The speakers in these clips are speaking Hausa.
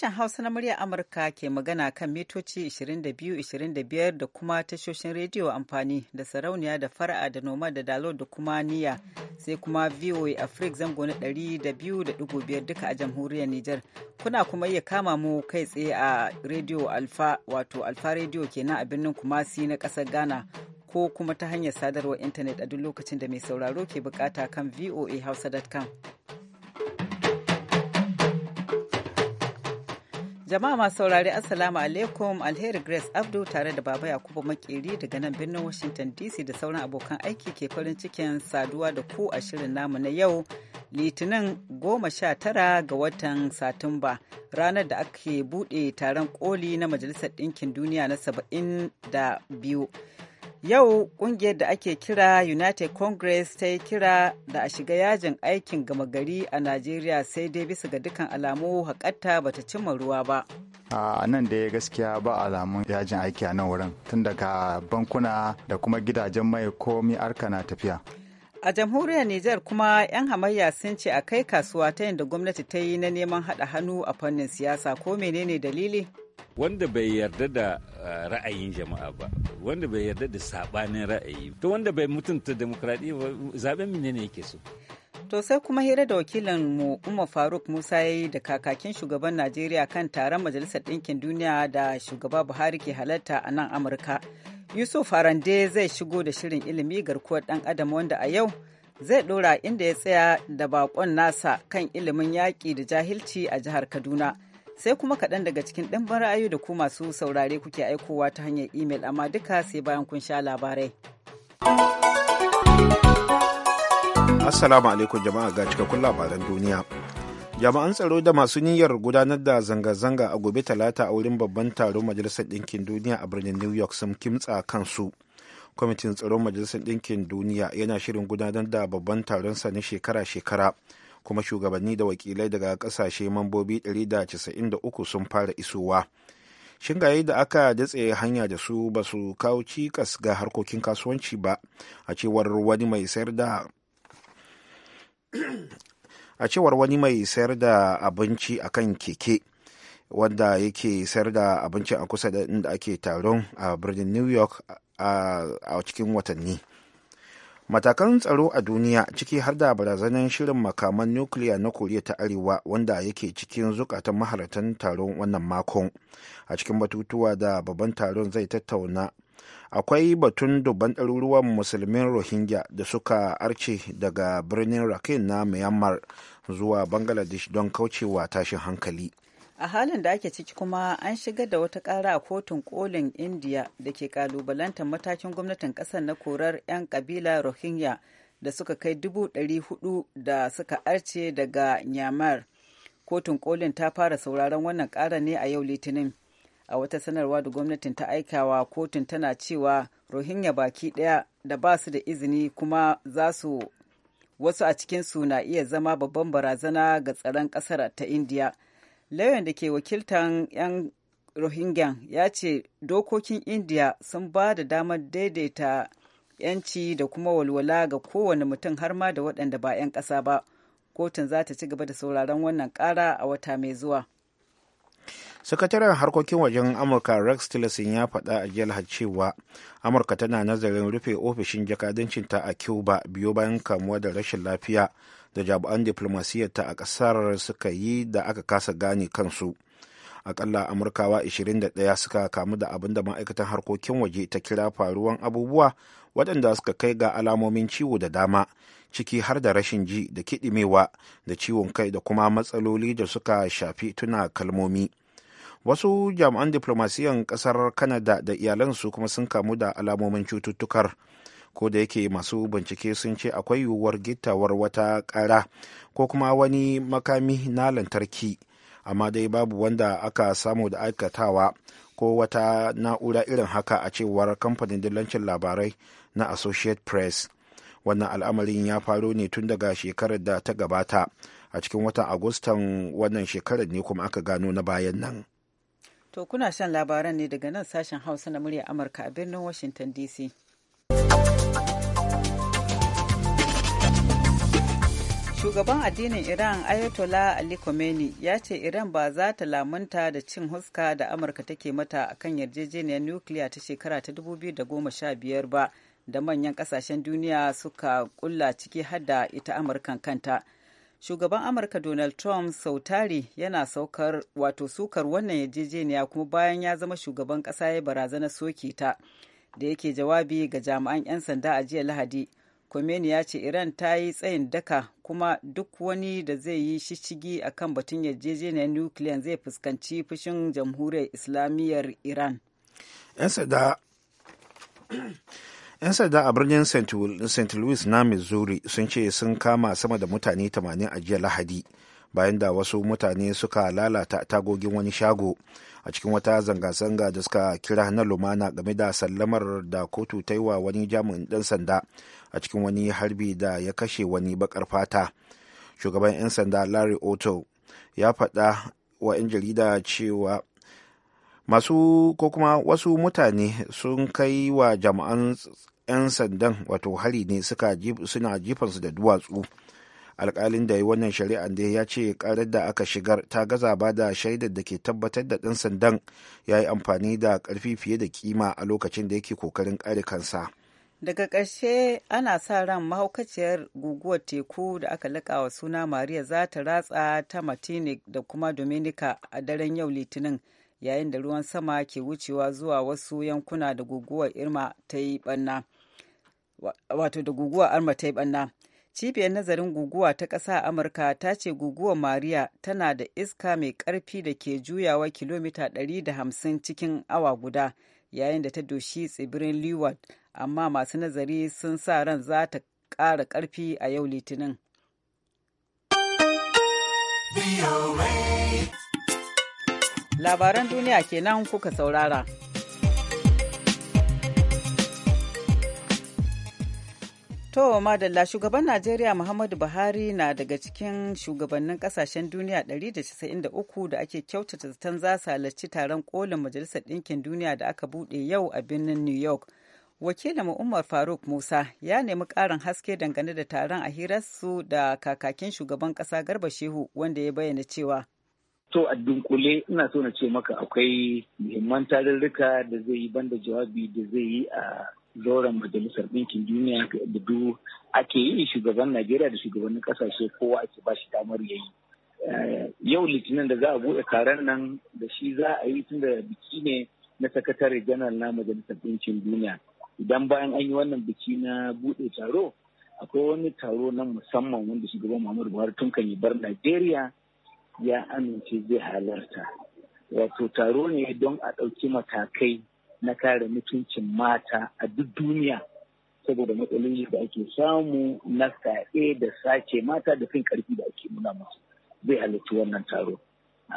Sashen Hausa na muryar Amurka ke magana kan mitoci 22-25 da kuma tashoshin rediyo amfani da sarauniya da fara'a da noma da dalo da kuma niya sai kuma VOA Africa zango na 200.5 duka a jamhuriyar Nijar. Kuna kuma iya kama mu kai tsaye a rediyo Alfa wato Alfa rediyo kenan a birnin Kumasi na ƙasar Ghana ko kuma ta hanyar sadarwar intanet a duk lokacin da mai sauraro ke bukata kan voahausa.com. Jama'a masu saurari Assalamu alaikum Alheri Grace Abdu tare da Baba Yakubu Makeri daga nan birnin Washington DC da sauran abokan aiki ke farin cikin saduwa da ku a shirin namu na yau Litinin goma sha tara ga watan Satumba ranar da ake buɗe taron koli na Majalisar Ɗinkin Duniya na saba'in da biyu. Yau kungiyar da ake kira United Congress ta yi kira da a shiga yajin aikin gama gari a Najeriya sai dai bisa ga dukkan alamu hakatta ta cimma ruwa ba. A nan da ya gaskiya ba alamun yajin aiki a nan wurin tun daga bankuna da kuma gidajen mai komi arka na tafiya. A jamhuriyar Nijar kuma 'yan hamayya sun ce a kai kasuwa ta yadda gwamnati ta yi na neman haɗa hannu a fannin siyasa ko menene dalili? wanda bai yarda da eh, ra'ayin jama'a ba wanda bai yarda da sabanin ra'ayi to wanda bai mutunta demokradiyya zaben mene ne yake so to sai kuma hira da wakilin mu Umar Faruk Musa yayi da kakakin shugaban Najeriya kan taron Majalisar Ɗinkin Duniya da shugaba Buhari ke halarta a nan Amurka Yusuf Harande zai shigo da shirin ilimi garkuwar ɗan adam wanda a yau zai ɗora inda ya tsaya da baƙon nasa kan ilimin yaƙi da jahilci a jihar Kaduna. sai kuma kaɗan daga cikin ɗimbin ra'ayi da ku masu saurare kuke aikowa ta hanyar imel amma duka sai bayan kun sha labarai. Assalamu alaikum jama'a ga cikakkun labaran duniya. Jama'an tsaro da masu niyyar gudanar da zanga-zanga a gobe talata a wurin babban taron Majalisar Ɗinkin Duniya a birnin New York sun kimtsa kansu. Kwamitin tsaron Majalisar Ɗinkin Duniya yana shirin gudanar da babban taron sa na shekara-shekara. kuma shugabanni da wakilai daga kasashe mambobi 193 sun fara isowa shingaye da aka datse hanya da su ba su kawo cikas ga harkokin kasuwanci ba a cewar wani mai sayar da a cewar wani mai sayar da abinci a kan keke wanda yake sayar da abinci a kusa da inda ake taron a birnin new york a cikin watanni matakan tsaro a duniya ciki har da barazanar shirin makaman nukiliya na koriya ta arewa wanda yake cikin zukatan maharatan taron wannan makon a cikin batutuwa da babban taron zai tattauna akwai batun dubban ɗaruruwan musulmin rohingya da suka arce daga birnin rakin na myanmar zuwa bangladesh don kaucewa tashin hankali a halin da ake ciki kuma an shigar da wata ƙara a kotun kolin indiya da ke kalubalantar matakin gwamnatin ƙasar na korar 'yan ƙabila rohingya da suka kai dubu ɗari hudu da suka arce daga nyamar kotun kolin ta fara sauraron wannan kara ne a yau litinin a wata sanarwa da gwamnatin ta aikawa kotun tana cewa rohingya baki ɗaya da ba su da izini kuma za su wasu a cikinsu na iya zama babban barazana ga tsaron ƙasar ta indiya lauyan da ke wakiltan 'yan rohingya ya ce dokokin indiya sun ba da damar daidaita 'yanci da kuma walwala ga kowane mutum har ma da waɗanda ba 'yan ƙasa ba kotun za ta ci gaba da sauraron wannan ƙara a wata mai zuwa sakataren harkokin wajen amurka rex tillerson ya faɗa a jiya cewa amurka tana nazarin rufe ofishin jakadancinta a cuba biyo bayan kamuwa da rashin lafiya da jami'an diplomasiyarta a ƙasar suka yi da aka kasa gane kansu akalla amurkawa 21 suka kamu da abin da ma'aikatan harkokin waje ta kira faruwan abubuwa waɗanda suka kai ga alamomin ciwo da dama ciki har da rashin ji da kiɗimewa da ciwon kai da kuma matsaloli da suka shafi tuna kalmomi. wasu jami'an diplomasiyan kasar kanada da iyalansu kuma sun kamu da alamomin cututtukar ko da yake masu bincike sun ce akwai yiwuwar gittawar wata ƙara ko kuma wani makami na lantarki amma dai babu wanda aka samu da aikatawa ko wata na'ura irin haka a cewar kamfanin dillancin labarai na associate press wannan al'amarin ya faro ne tun daga shekarar da ta gabata a cikin watan agustan wannan shekarar ne kuma aka gano na bayan nan. To kuna shan labaran ne daga nan sashen Hausa na murya Amurka a birnin Washington DC. Shugaban addinin Iran Ayatollah Ali Khomeini ya ce Iran ba za ta lamunta da cin huska da Amurka take mata a kan yarjejeniyar nukiliya ta shekara ta 2015 ba da manyan kasashen duniya suka kulla ciki har ita Amurkan kanta. shugaban amurka donald trump sau tari yana saukar wato sukar wannan yarjejeniya kuma bayan ya zama shugaban ƙasa ya barazana soke ta da yake jawabi ga jami'an 'yan sanda a jiya lahadi komeni ya ce Iran ta yi tsayin daka kuma duk wani da zai yi shishigi a kan batun yarjejeniyar nukiliyan zai fuskanci fushin jamhuriyar islamiyyar Iran. 'Yan sanda 'yan sanda a birnin st louis na missouri sun ce sun kama sama da mutane 80 a jiya lahadi bayan da wasu mutane suka lalata tagogin wani shago a cikin wata zanga-zanga da suka kira na lumana game da sallamar da kotu ta yi wa wani jami'in ɗan sanda a cikin wani harbi da ya kashe wani bakar fata shugaban 'yan sanda larry otto ya faɗa wa 'yan jarida cewa masu ko kuma wasu mutane sun kai wa jama'an 'yan sandan wato hari ne suna jifansu da duwatsu alkalin da ya wannan shari'an da ya ce karar da aka shigar ta gaza ba da shaidar da ke tabbatar da ɗan sandan ya yi amfani da karfi fiye da kima a lokacin da yake kokarin kare kansa daga ƙarshe ana sa ran mahaukaciyar guguwar teku da aka wa suna maria za ta ratsa ta martinic da kuma dominica a daren yau litinin yayin da ruwan sama ke wucewa zuwa wasu yankuna da guguwar irma ta yi banna wato da guguwar arma ta yi banna cibiyar nazarin guguwa ta ƙasa a amurka ta ce guguwar maria tana da iska mai ƙarfi da ke juyawa kilomita 150 cikin awa guda yayin da ta doshi tsibirin leeward amma masu nazari sun sa ran za ta ƙara ƙarfi a yau litinin. Labaran duniya kenan kuka saurara. To madalla shugaban Najeriya Muhammadu Buhari na daga cikin shugabannin kasashen duniya 193 da ake kyautata zaton za su halarci taron kolin Majalisar Ɗinkin Duniya da aka buɗe yau a birnin New York. Wakilin Umar Faruk Musa ya nemi ƙarin haske dangane da taron a hirarsu da kakakin shugaban ƙasa Garba Shehu wanda ya bayyana cewa To a dunkule ina so na ce maka akwai muhimman tarurruka da zai yi banda jawabi da zai yi a zauren majalisar ɗinkin duniya da du ake yi shugaban Najeriya da shugabannin ƙasashe kowa ake ba shi damar ya yi. Eh, yau litinin da za a buɗe taron nan da shi za a yi tun da biki ne na sakatare janar na majalisar ɗinkin duniya. Idan bayan an yi wannan biki na buɗe taro, akwai wani taro na musamman wanda shugaban Muhammadu Buhari tun kan yi bar Najeriya ya amince zai halarta wato taro ne don a ɗauki matakai na kare mutuncin mata a duk duniya saboda matsaloli da ake samu na fyaɗe da sace mata da fin karfi da ake nuna musu zai halarci wannan taro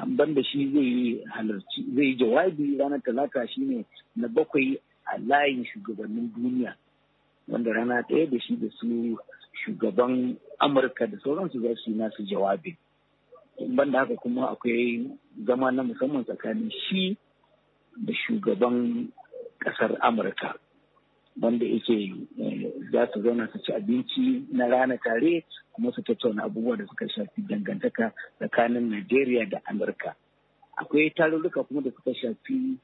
ban da shi zai halarci zai jawabi ranar talata shine na bakwai a layin shugabannin duniya wanda rana ɗaya da shi da su shugaban amurka da sauransu za su yi nasu jawabin banda haka kuma akwai zama na musamman tsakanin shi da shugaban kasar amurka wanda yake eh, za su zauna su ci abinci na rana tare kuma su tattauna abubuwa da suka shafi dangantaka tsakanin najeriya da amurka akwai tarurruka kuma da suka shafi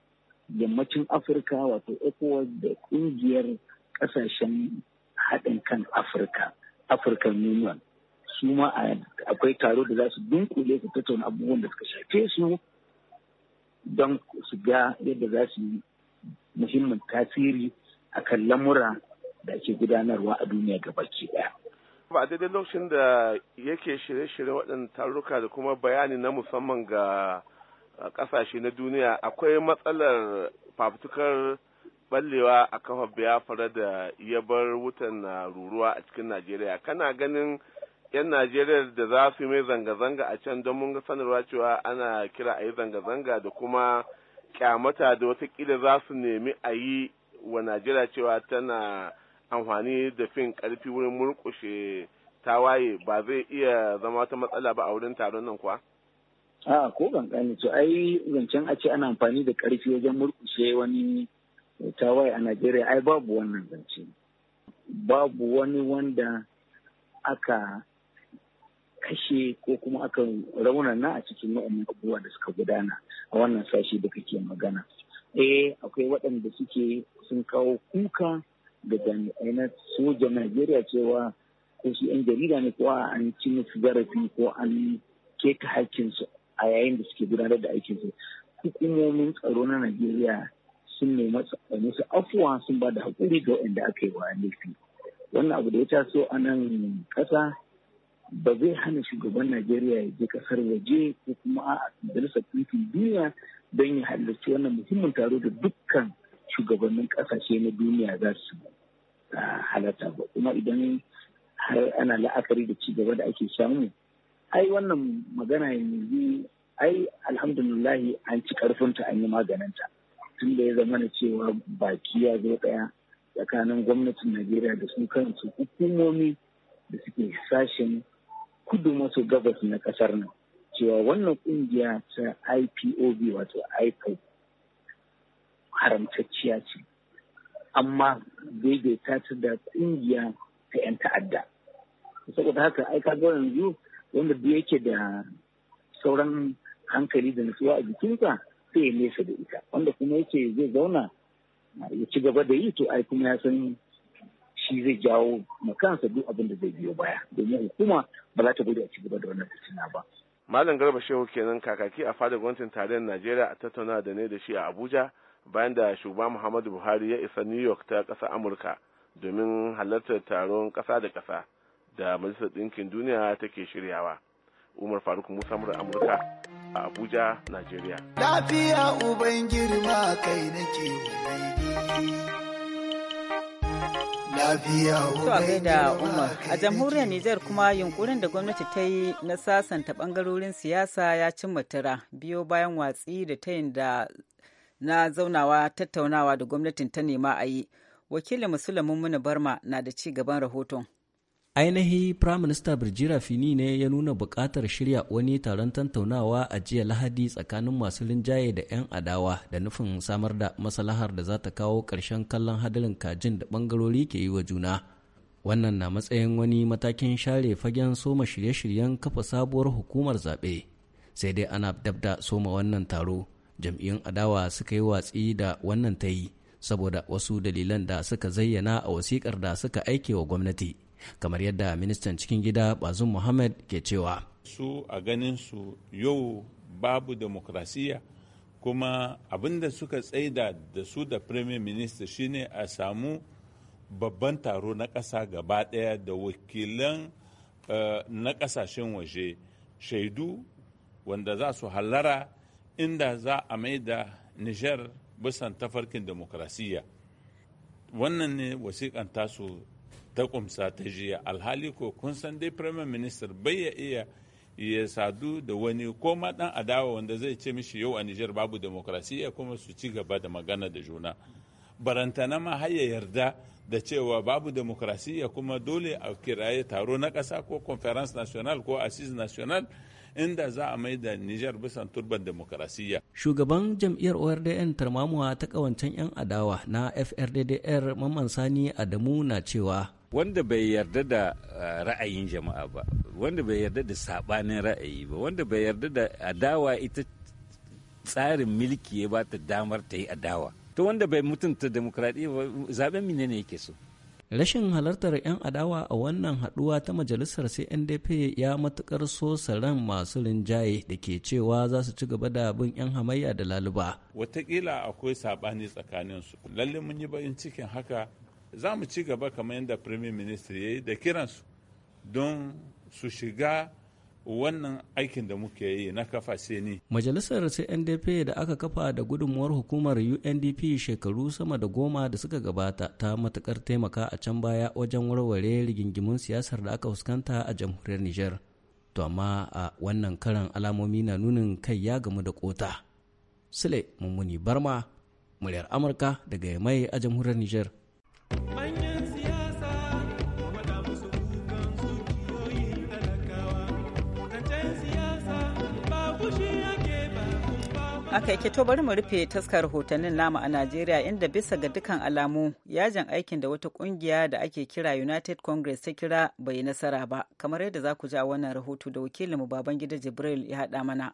yammacin afirka wato ecowas da ƙungiyar ƙasashen haɗin kan afirka african union su ma akwai taro da za su dunkule su tattauna abubuwan da suka shafe su don su ga yadda za su yi muhimmin tasiri a kan lamura da ake gudanarwa a duniya gabaki daya. ba daidai lokacin da yake shirye-shirye waɗannan taruka da kuma bayani na musamman ga uh, ƙasashe na duniya akwai matsalar fafutukar ballewa a kafa biyafara da ya bar wutan na uh, ruruwa a cikin najeriya kana ganin 'yan Najeriya da za su yi mai zanga-zanga a can don mun ga sanarwa cewa ana kira a yi zanga-zanga da kuma kyamata da watakila za su nemi a yi wa Najeriya cewa tana amfani da fin karfi wurin murkushe tawaye ba zai iya zama ta matsala ba a wurin taron nan kuwa? A ko kankani to ai zancen a ce ana amfani da karfi wajen murkushe wani tawaye a Najeriya ai babu wannan zance. Babu wani wanda aka kashe ko kuma akan raunan raunana a cikin waɗannan abubuwa da suka gudana a wannan sashi da kake magana. Eh akwai waɗanda suke sun kawo kuka ga jami'ai na sojan Najeriya cewa ko su 'yan jarida ne ko an ci musu zarafi ko an keta su a yayin da suke gudanar da aikin su Hukumomin tsaro na Najeriya sun nemi musu afuwa sun ba da haƙuri ga waɗanda aka yi wa laifi. Wannan abu da ya taso a nan ƙasa ba zai hana shugaban Najeriya ya je kasar waje ko kuma a majalisar ɗinkin duniya don ya halarci wannan muhimmin taro da dukkan shugabannin kasashe na duniya za su ah, halarta ba kuma idan har ana la'akari da ci gaba da ake samu ai wannan magana yanzu ai alhamdulillah an ci ƙarfinta an yi maganinta tun da ya zama na cewa baki ya zo ɗaya tsakanin gwamnatin Najeriya da su kansu hukumomi da suke sashen kudu maso gabas na kasar nan cewa wannan kungiya ta ipob wato ipob haramtacciya ce amma daidaita ta da kungiya ta 'yan ta'adda saboda haka ai kaga yanzu wanda da yake da sauran hankali da nutsuwa a jikinsa sai ya nesa da ita wanda kuma yake zai zauna ya ci gaba da yi to ai kuma ya san shi zai jawo makansa duk abin da zai biyo baya domin hukuma ba za ta bari a ci da wannan fitina ba. Malam Garba Shehu kenan kakaki a fadar gwamnatin tarayyar Najeriya a tattauna da ne da shi a Abuja bayan da shugaba Muhammadu Buhari ya isa New York ta ƙasar Amurka domin halartar taron kasa da kasa da Majalisar Ɗinkin Duniya take shiryawa. Umar Faruk Musa Mura Amurka a Abuja, Najeriya. Lafiya uban girma kai nake To a da Umar, a jamhuriyar Nijar kuma yunkurin da gwamnati ta yi na sasanta bangarorin siyasa ya cimma tara biyo bayan watsi da tayin da na zaunawa tattaunawa da gwamnatin ta nema a yi. Wakilin Musulmin Muna Barma na da ci gaban rahoton. ainihi firaminista birjira fini ne ya nuna buƙatar shirya wani taron tantaunawa a jiya lahadi tsakanin masu linjaye da 'yan adawa da nufin samar da masalahar da za ta kawo ƙarshen kallon hadarin kajin da ɓangarori ke yi wa juna wannan na matsayin wani matakin share fagen soma shirye-shiryen kafa sabuwar hukumar zaɓe sai dai ana dab da soma wannan taro jam'iyyun adawa suka yi watsi da wannan ta yi saboda wasu dalilan da suka zayyana a wasikar da suka aike wa gwamnati kamar yadda ministan cikin gida bazum muhammad ke cewa su a ganin su yau babu demokrasiya kuma abinda suka tsaida da su da premier minister shine a samu babban taro na ƙasa gaba ɗaya da wakilan eh, na ƙasashen waje shaidu wanda za su hallara inda za a da nijar bisan tafarkin demokrasiya wannan ne wasiƙan tasu ta kumsa ta jiya alhali ko kun san dai prime minister bai ya iya ya sadu da wani ko ma dan adawa wanda zai ce mishi yau a Nijar babu demokrasiya kuma su ci gaba da magana da juna barantana ma har ya yarda da cewa babu demokrasiya kuma dole a kiraye taro na ƙasa ko conference national ko assis national inda za a mai da Nijar bisan turban demokrasiya. Shugaban jam'iyyar ORDN tarmamuwa ta kawancen 'yan adawa na FRDDR Mamman Sani Adamu na cewa wanda bai yarda da eh, ra'ayin jama'a ba wanda bai yarda da sabanin ra'ayi ba wanda bai yarda da adawa ita tsarin milki ya ta damar ta yi adawa to wanda bai mutunta demokradiyya ba zaben mine ne yake so rashin halartar 'yan adawa a wannan haduwa ta majalisar cndp ya matukar so ran masu rinjaye da ke cewa za su ci gaba da bin 'yan hamayya da laluba watakila akwai sabani su lalle mun yi bayan cikin haka za mu ci gaba kamar yadda premier minister ya yi da kiransu don su shiga wannan aikin da muke yi na kafa seni. Majalisar CNDP da aka kafa da gudunmuwar hukumar UNDP shekaru sama da goma da suka gabata ta matukar taimaka a can baya wajen warware rigingimun siyasar da aka fuskanta a jamhuriyar Nijar. To amma a wannan karan alamomi na nunin kai ya gamu da kota. Sule Mummuni Barma, muryar Amurka daga mai a jamhuriyar Nijar. aka yake to bari mu rufe taskar rahotannin namu a najeriya inda bisa ga dukkan alamu yajin aikin da wata kungiya da ake kira united congress ta kira bai nasara ba kamar yadda za ku ja wannan rahoto da wakilinmu baban gida jibril ya haɗa mana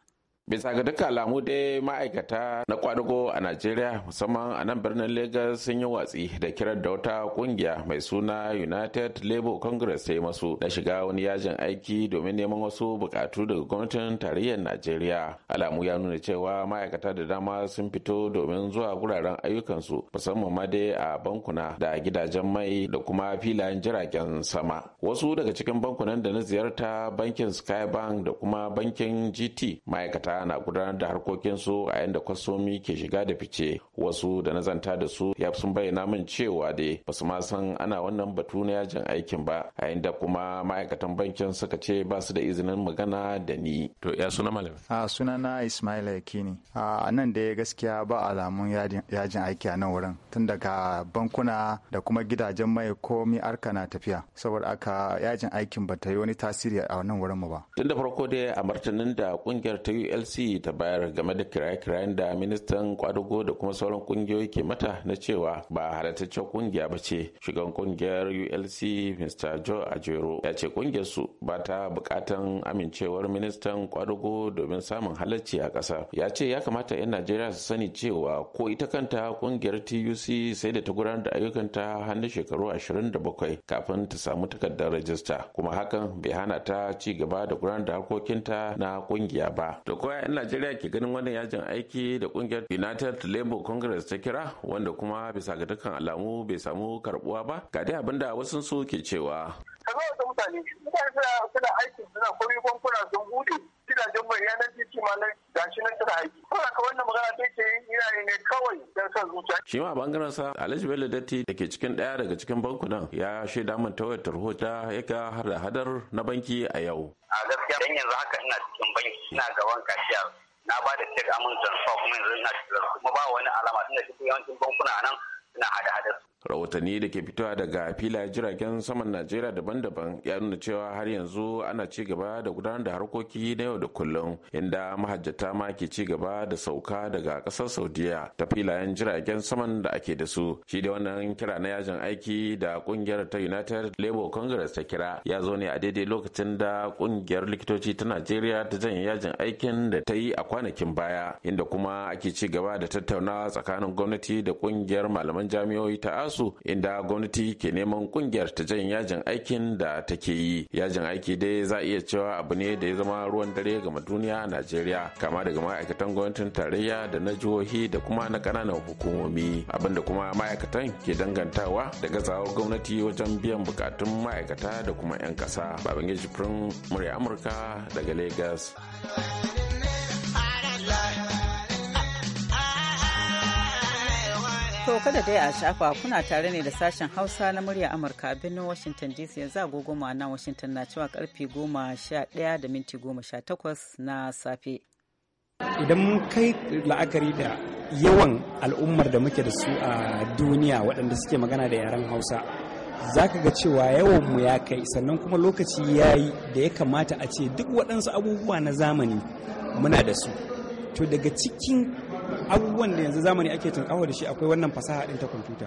bisa ga duka alamu dai ma'aikata na kwadugo a najeriya musamman a nan birnin lagos sun yi watsi da kirar da wata kungiya mai suna united labour congress ta yi masu na shiga wani yajin aiki domin neman wasu bukatu daga gwamnatin tarayyar najeriya alamu ya nuna cewa ma'aikata da dama sun fito domin zuwa guraren ayyukansu musamman ma dai a bankuna da gidajen mai da kuma filayen jiragen sama wasu daga cikin bankunan da na ziyarta bankin skybank da kuma bankin gt ma'aikata ana gudanar da harkokinsu a yanda kwastomi ke shiga da fice wasu da nazanta da su ya sun bayyana min cewa dai ba su ma san ana wannan batu na yajin aikin ba a yanda kuma ma'aikatan bankin suka ce ba su da izinin magana da ni. To ya suna malam? A suna na Ismail Yakini. A nan da gaskiya ba alamun yajin aiki a nan wurin tun daga bankuna da kuma gidajen mai komi arka na tafiya saboda aka yajin aikin ba ta yi wani tasiri a nan wurin mu ba. Tun da farko dai a martanin da kungiyar ta UL nlc ta bayar game da kiraye-kirayen da ministan kwadugo da kuma sauran kungiyoyi ke mata na cewa ba halattaccen kungiya ba ce shugaban kungiyar ulc mr joe ajero ya ce kungiyar su ba ta bukatan amincewar ministan kwadugo domin samun halarci a ƙasa ya ce ya kamata 'yan najeriya su sani cewa ko ita kanta kungiyar tuc sai da ta gudanar da ayyukanta hannun shekaru ashirin da bakwai kafin ta samu takardar rajista kuma hakan bai hana ta ci gaba da gudanar da harkokinta na kungiya ba da kowa yan najeriya ke ganin wannan yajin aiki da kungiyar united labour congress ta kira wanda kuma bisa ga dukkan alamu bai samu karbuwa ba ga dai abinda wasu su ke cewa ka zo da mutane mutane suna suna aiki suna koyi bankuna sun bude gidajen mai yanar titi ma nan gashi nan tana aiki kuma ka wannan magana ta ke ina ne kawai don son zuciya shi ma bangaren sa Alhaji Bello Datti da ke cikin daya daga cikin bankunan ya shaida min ta wayar tarhota hada hadar na banki a yau a gaskiya dan yanzu haka ina cikin banki ina gaban kashiya na ba da cek amincin sa kuma yanzu ina cikin kuma ba wani alama tunda cikin yawancin bankuna nan suna hada hadar rahotanni da ke fitowa daga filayen jiragen saman najeriya daban-daban ya nuna cewa har yanzu ana ci gaba da gudanar da harkoki na yau da kullum inda mahajjata ma ke ci gaba da sauka daga kasar saudiya ta filayen jiragen saman da ake da su shi da wannan kira na yajin aiki da kungiyar ta united labour congress ta kira ya zo ne a daidai lokacin da kungiyar likitoci ta najeriya ta janye yajin aikin da ta yi a kwanakin baya inda kuma ake ci gaba da tattaunawa tsakanin gwamnati da kungiyar malaman jami'o'i ta su inda gwamnati ke neman kungiyar ta jan yajin aikin da take yi yajin aiki dai za iya cewa abu ne da ya zama ruwan dare ga duniya a najeriya kama daga ma'aikatan gwamnatin tarayya da na jihohi da kuma na kananan hukumomi abinda kuma ma'aikatan ke dangantawa da gazawar gwamnati wajen biyan bukatun ma'aikata da kuma 'yan kasa babangeji firin murya amurka daga lagos To kada dai a shafa kuna tare ne da sashen Hausa na murya Amurka a birnin Washington DC yanzu agogo ma'ana Washington na cewa karfe goma sha da minti goma sha takwas na safe. Idan mun kai la'akari da yawan al'ummar da muke da su a duniya waɗanda suke magana da yaren Hausa za ka ga cewa yawan mu ya kai sannan kuma lokaci ya yi da ya kamata a ce duk waɗansu abubuwa na zamani muna da su. To daga cikin abubuwan da yanzu zamani ake tunkawa da shi akwai wannan fasaha ɗin ta kwamfuta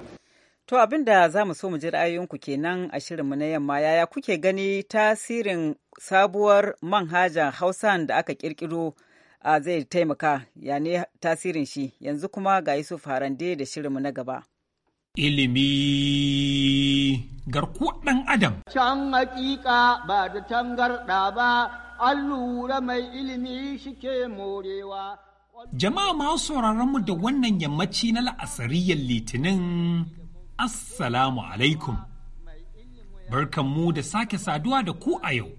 To abin da za mu so mu ji ra'ayoyinku kenan a shirinmu na yamma yaya kuke gani tasirin sabuwar manhajar Hausan da aka kirkiro a zai taimaka ya ne tasirin shi yanzu kuma ga Yusuf Harande da shirin mu na gaba. Ilimi garkuwar ɗan Adam. Can hakika ba da tangarɗa ba, an lura mai ilimi shike morewa. Jama'a masu sauraron mu da wannan yammaci na la'asariyar litinin Assalamu alaikum. barkan mu da sake saduwa da ku a yau,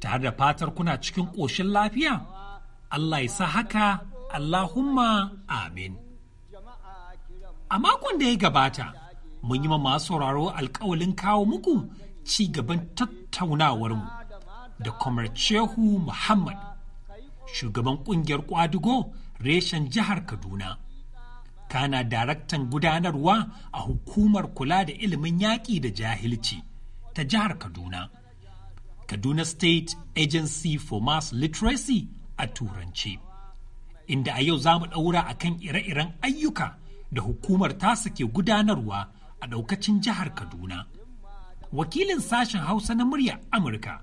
tare da fatar kuna cikin ƙoshin lafiya, Allah ya sa haka Allahumma amin. A makon da ya gabata, mun yi ma masu sauraro alkawalin kawo muku ci gaban tattaunawarmu da Kwamar Shehu Muhammad shugaban kungiyar kwadugo reshen jihar kaduna kana daraktan gudanarwa a hukumar kula da ilimin yaƙi da jahilci ta jihar kaduna kaduna state agency for mass literacy a turance inda a yau za mu ɗaura a kan ire-iren ayyuka da hukumar tasa ke gudanarwa a ɗaukacin jihar kaduna wakilin sashen hausa na murya amurka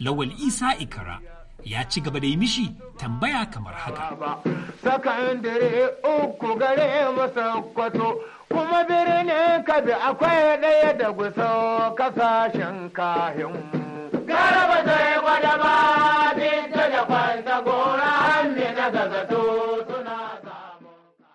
lawal isa ikara ya ci gaba da yi mishi tambaya kamar haka. Sakan dire uku gare masa kwato, kuma birnin kabi akwai ɗaya da gusa kasashen kahin. Garaba zai gwada ba, da kwanta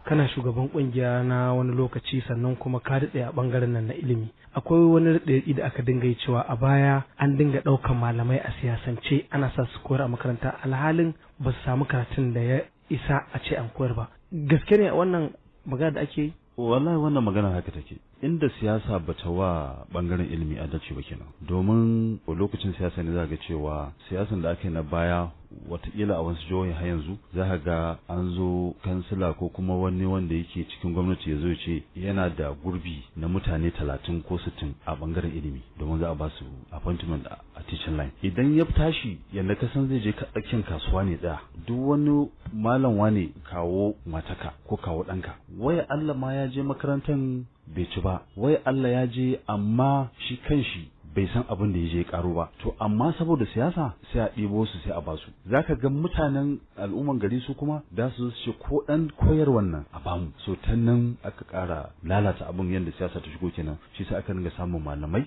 kana shugaban kungiya na wani lokaci sannan kuma ka daɗe a ɓangaren nan na ilimi akwai wani daɗe da aka dinga yi cewa a baya an dinga ɗaukan malamai a siyasance ana sa su koyar a makaranta alhalin ba su samu karatun da ya isa a ce an koyar ba gaske ne wannan magana da ake yi wallahi wannan magana haka take inda siyasa ba ta wa bangaren ilimi adalci ba kenan domin lokacin siyasa ne za ga cewa siyasan da aka yi na baya watakila a wasu jihohi har yanzu za ka ga an zo kansila ko kuma wani wanda yake cikin gwamnati ya zo ce yana da gurbi na mutane talatin ko sittin a bangaren ilimi domin za a ba su appointment a teaching line idan ya tashi yadda ka san zai je tsakin kasuwa ne ɗaya. duk wani malam wane kawo mataka ko kawo ɗanka Wai Allah ma ya je makarantar bai ci ba wai Allah ya je amma shi shi. bai san abin da ya je karo ba to amma saboda siyasa sai a ɗibo su sai a ba basu zaka ga mutanen al'umman gari su kuma da su ce ko dan koyar wannan a bamu so ta nan aka ƙara lalata abin yadda siyasa ta shigo kenan shi sai aka ringa samun malamai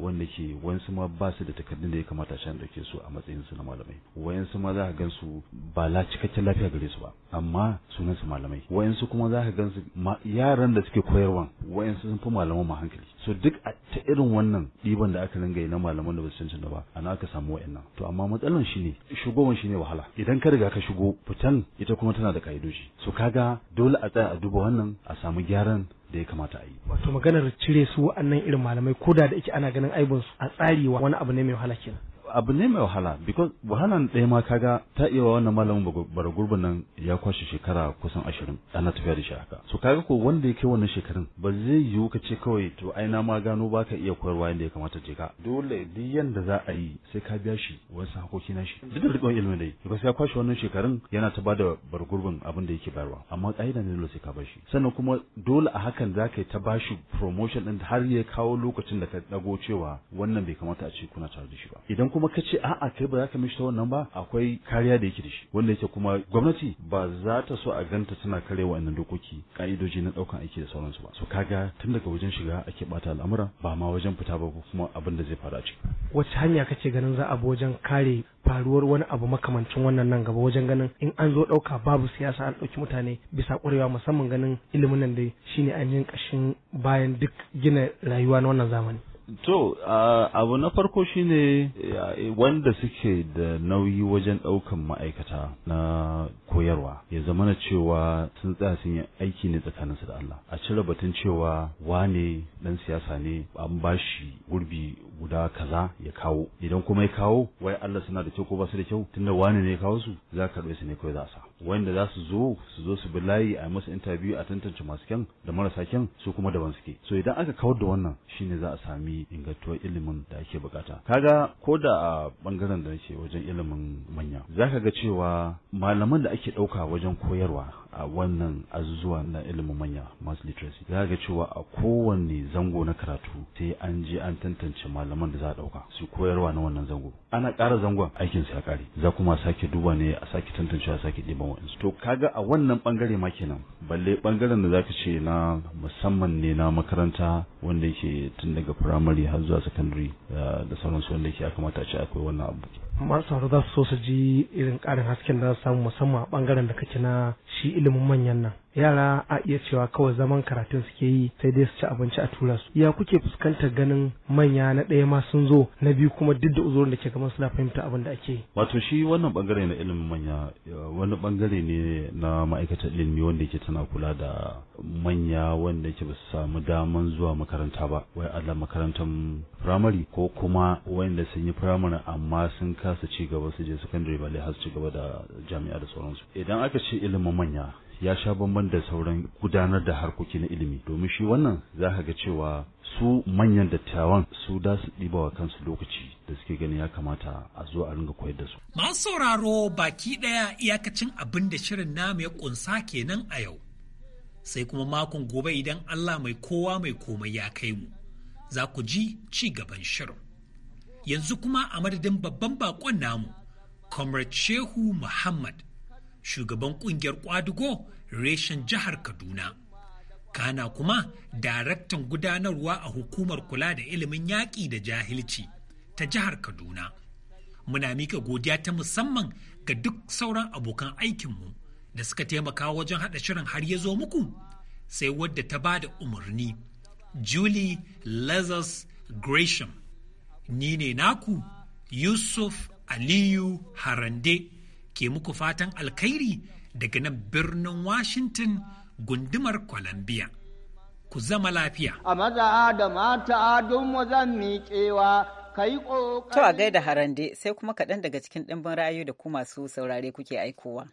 wanda ke wayansu ma ba su da takardun da ya kamata shan dauke su a matsayin su na malamai wayansu ma za ka gansu ba la cikakken lafiya gare su ba amma sunan su malamai wayansu kuma za ka gansu yaran da suke koyarwa wayansu sun fi malaman ma hankali so duk a ta irin wannan ɗiban da aka aka ringa yi na malaman da ba su cancanta ba ana aka samu wa'annan to amma matsalan shi ne shugowan shi ne wahala idan ka riga ka shigo fitan ita kuma tana da ka'idoji so ga dole a tsaya a duba wannan a samu gyaran da ya kamata a yi. Wato maganar cire su wa'annan irin malamai ko da da ake ana ganin aibinsu a tsari wani abu ne mai wahala kenan. abu ne mai wahala because wahalan ɗaya ma kaga ta iya wannan malamin baragurbin nan ya kwashe shekara kusan ashirin ana tafiya da shi haka so kaga ko wanda ya kai wannan shekarun ba zai yiwu ka ce kawai to ai na ma gano ba ka iya koyarwa yadda ya kamata je ka dole duk yanda za a yi sai ka biya shi wasu hakoki na shi duk da rikon ilimin dai because ya kwashe wannan shekarun yana ta bada baragurbin abin da yake bayarwa amma ƙa'ida ne dole sai ka bashi sannan kuma dole a hakan za ka yi ta bashi promotion ɗin har ya kawo lokacin da ka ɗago cewa wannan bai kamata a ce kuna tare da shi ba idan kuma kuma ka ce a'a kai ba za ka mishi ta wannan ba akwai kariya da yake da shi wanda yake kuma gwamnati ba za ta so a ganta tana kare wa'annan dokoki ka'idoji na ɗaukan aiki da sauransu ba so kaga tun daga wajen shiga ake bata al'amura ba ma wajen fita ba kuma abin da zai faru a ciki wacce hanya kace ganin za a bi wajen kare faruwar wani abu makamancin wannan nan gaba wajen ganin in an zo ɗauka babu siyasa an ɗauki mutane bisa ƙwarewa musamman ganin ilimin nan dai shine ainihin ƙashin bayan duk gina rayuwa na wannan zamani To, abu na farko shi ne wanda suke da nauyi wajen ɗaukan ma'aikata na koyarwa, ya zama na cewa sun tsaya sun yi aiki ne tsakaninsu da Allah. A cire batun cewa wane ɗan siyasa ne an ba shi gurbi guda kaza ya kawo. Idan kuma ya kawo, wai Allah suna da kyau ko ba su da kyau, tunda wane ne ya kawo su, za ka karɓe su ne kawai za a sa. wanda za su zo su zo su bi layi a musu interview a tantance masu kyan da marasa kyan su kuma daban suke so idan aka kawar da wannan shine za a sami ingantuwar ilimin da ake bukata kaga ko da a bangaren da nake wajen ilimin manya zaka ga cewa malaman da ake dauka wajen koyarwa a wannan azuzuwa na ilimin manya masu literacy za ga cewa a kowanne zango na karatu sai an je an tantance malaman da za a dauka su koyarwa na wannan zango ana ƙara zangon aikin sa ya ƙare za kuma sake duba ne a sake tantance a sake ɗiban wa'ansu to kaga a wannan bangare ma kenan balle bangaren da zaka ce na musamman ne na makaranta wanda yake tun daga primary har zuwa secondary eh, da sauransu wanda yake ya kamata a ce akwai wannan abu masu za su so su ji irin karin hasken da za su samu musamman a bangaren da kake na shi ilimin manyan nan yara a iya cewa kawai zaman karatun suke yi sai dai su ci abinci a tura su ya kuke fuskantar ganin manya na ɗaya ma sun zo na biyu kuma duk da uzurin da ke gaban suna fahimta abin da ake yi wato shi wannan bangare na ilimin manya wani bangare ne na ma'aikatar ilimi wanda yake tana kula da manya wanda yake ba su samu daman zuwa makaranta ba wai Allah makarantar firamare ko kuma wanda sun yi firamare amma sun kasa ci gaba su je secondary balle har su ci gaba da jami'a da sauransu idan aka ce ilimin manya ya sha bamban da sauran gudanar da harkoki na ilimi domin shi wannan za ka ga cewa su manyan dattawan su da su ɗiba wa kansu lokaci da suke ganin ya kamata a zo a ringa koyar da su. Masu sauraro baki ɗaya iyakacin abin da shirin namu ya ƙunsa kenan a yau. sai kuma makon gobe idan Allah mai kowa mai komai ya kai mu za ku ji ci gaban shirin. Yanzu kuma a madadin babban bakon namu, Comrade Shehu Muhammad, shugaban kungiyar kwadugo reshen jihar Kaduna. Kana kuma daraktan gudanarwa a hukumar kula da ilimin yaƙi da jahilci ta jihar Kaduna. Muna mika godiya ta musamman ga duk sauran abokan aikinmu. da suka taimaka wajen haɗa shirin har ya zo muku sai wadda ta ba da umarni julie lazarus gresham ni ne naku yusuf aliyu harande ke muku fatan alkhairi daga nan birnin washington gundumar columbia ku zama lafiya a maza da mata don zan miƙewa To a gaida harande sai kuma kaɗan daga cikin ɗimbin rayu da ku masu saurare kuke aikowa.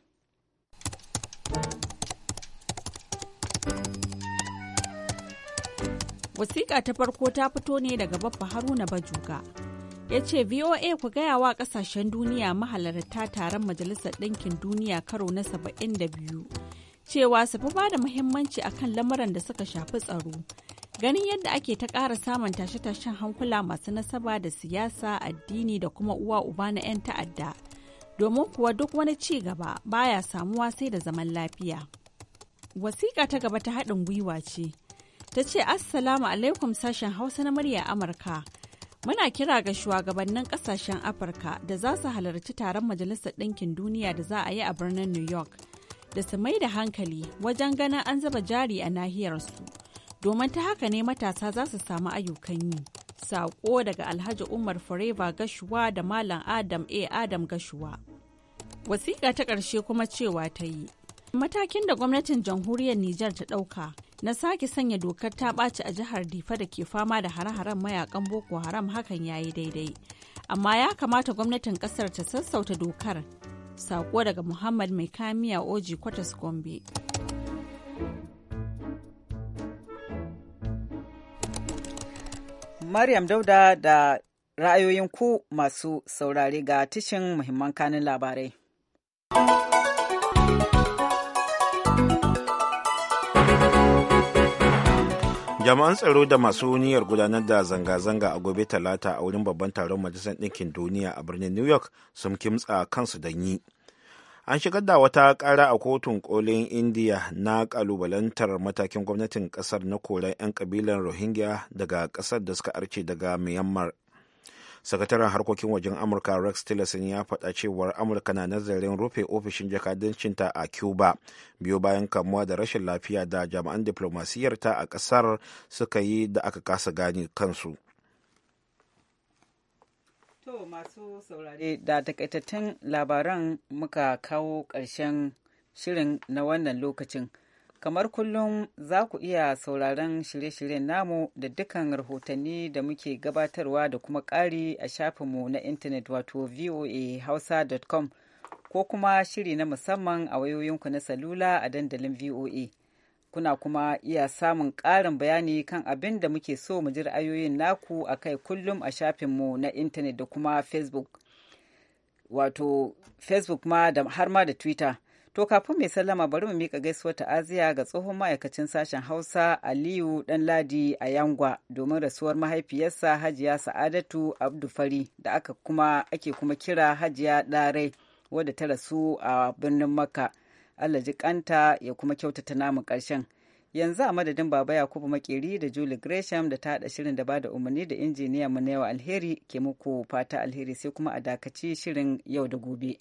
Wasiƙa ta farko ta fito ne daga babba Haruna Bajuga. Ya ce VOA ku gaya wa ƙasashen duniya mahalarta taron Majalisar Ɗinkin Duniya karo na 72 cewa su fi ba da muhimmanci akan lamuran da suka shafi tsaro. Ganin yadda ake ta ƙara samun tashe-tashen hankula masu nasaba da siyasa, addini da kuma uwa uba na 'yan ta'adda. Domin kuwa duk wani ci gaba baya samuwa sai da zaman lafiya. Wasiƙa ta gaba ta haɗin gwiwa ce. ta ce Assalamu alaikum sashen Hausa na murya Amurka. Muna kira ga shugabannin kasashen Afirka da za su halarci taron Majalisar Ɗinkin Duniya da za a yi a birnin New York da su mai da hankali wajen ganin an zaba jari a nahiyarsu. Domin ta haka ne matasa za su samu ayyukan yi. Saƙo daga Alhaji Umar Forever Gashuwa da Malam Adam A. Adam Gashuwa. Wasiƙa ta ƙarshe kuma cewa ta yi. Matakin da gwamnatin jamhuriyar Nijar ta ɗauka na sake sanya dokar ta ɓaci a jihar difa da ke fama da hare-haren mayakan boko haram hakan ya yi daidai amma ya kamata gwamnatin ƙasar ta sassauta dokar sako daga muhammad mai kamiya oji kwatas gombe maryam dauda da ra'ayoyin ku masu saurare ga tishin muhimman kanin labarai jama'an tsaro da masu niyyar gudanar da zanga-zanga a gobe talata a wurin babban taron majalisar ɗinkin duniya a birnin new york sun kimtsa kansu da yi an shigar da wata ƙara a kotun kolin indiya na ƙalubalantar matakin gwamnatin ƙasar na koran 'yan ƙabilar rohingya daga ƙasar da suka arce daga myanmar sakataren harkokin wajen amurka rex tillerson ya faɗa cewar amurka na nazarin rufe ofishin jakadancinta a cuba biyo bayan kamuwa da rashin lafiya da jami'an diplomasiyarta a ƙasar suka yi da aka kasa gane kansu To saurare da takaitattun labaran muka kawo ƙarshen shirin na wannan lokacin. Kamar kullum za ku iya sauraron shirye-shiryen namu da dukkan rahotanni da muke gabatarwa da kuma ƙari a shafinmu na intanet wato voahausa.com ko kuma shiri na musamman a wayoyinku na salula a dandalin VOA. Kuna kuma iya samun ƙarin bayani kan abin da muke so mu ji ra'ayoyin naku a kai kullum a shafinmu na intanet da kuma Facebook. ma da har ma da Twitter. To kafin mai sallama bari mu mika gaisuwar ta'aziya ga tsohon ma'aikacin sashen Hausa Aliyu Danladi a Yangwa domin rasuwar mahaifiyarsa Hajiya Sa'adatu Abdufari da aka kuma ake kuma kira Hajiya Darai wadda ta rasu a birnin Makka. Allah ji kanta ya kuma kyautata namu karshen Yanzu a madadin Baba Yakubu Makeri da juli Gresham da ta haɗa shirin da bada umarni da injiniya mu na yau alheri ke muku fata alheri sai kuma a dakaci shirin yau da gobe.